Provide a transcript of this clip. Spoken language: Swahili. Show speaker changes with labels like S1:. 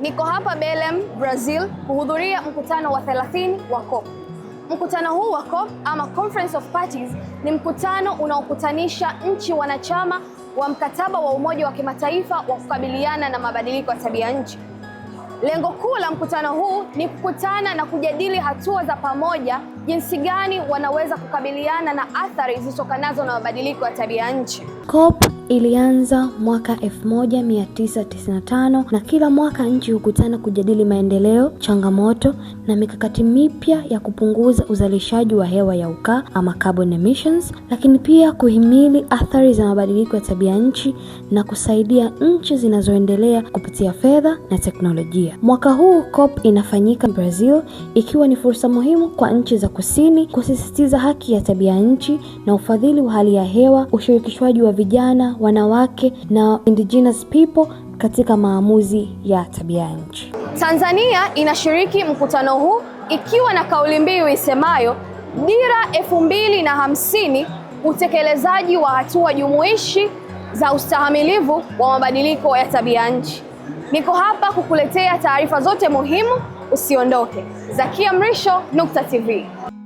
S1: Niko hapa Belem, Brazil kuhudhuria mkutano wa 30 wa COP. Mkutano huu wa COP ama Conference of Parties ni mkutano unaokutanisha nchi wanachama wa mkataba wa Umoja wa Kimataifa wa kukabiliana na mabadiliko ya tabia nchi. Lengo kuu la mkutano huu ni kukutana na kujadili hatua za pamoja jinsi gani wanaweza kukabiliana na athari zilizotokanazo na mabadiliko ya tabia nchi.
S2: COP ilianza mwaka 1995 na kila mwaka nchi hukutana kujadili maendeleo, changamoto na mikakati mipya ya kupunguza uzalishaji wa hewa ya ukaa ama carbon emissions, lakini pia kuhimili athari za mabadiliko ya tabia nchi na kusaidia nchi zinazoendelea kupitia fedha na teknolojia. Mwaka huu COP inafanyika Brazil, ikiwa ni fursa muhimu kwa nchi za Kusini kusisitiza haki ya tabia nchi na ufadhili wa hali ya hewa, ushirikishwaji wa vijana, wanawake na indigenous people katika maamuzi ya tabia nchi.
S1: Tanzania inashiriki mkutano huu ikiwa na kauli mbiu isemayo Dira elfu mbili na hamsini, utekelezaji wa hatua jumuishi za ustahamilivu wa mabadiliko ya tabia nchi. Niko hapa kukuletea taarifa zote muhimu Usiondoke. Zakia Mrisho, Nukta TV.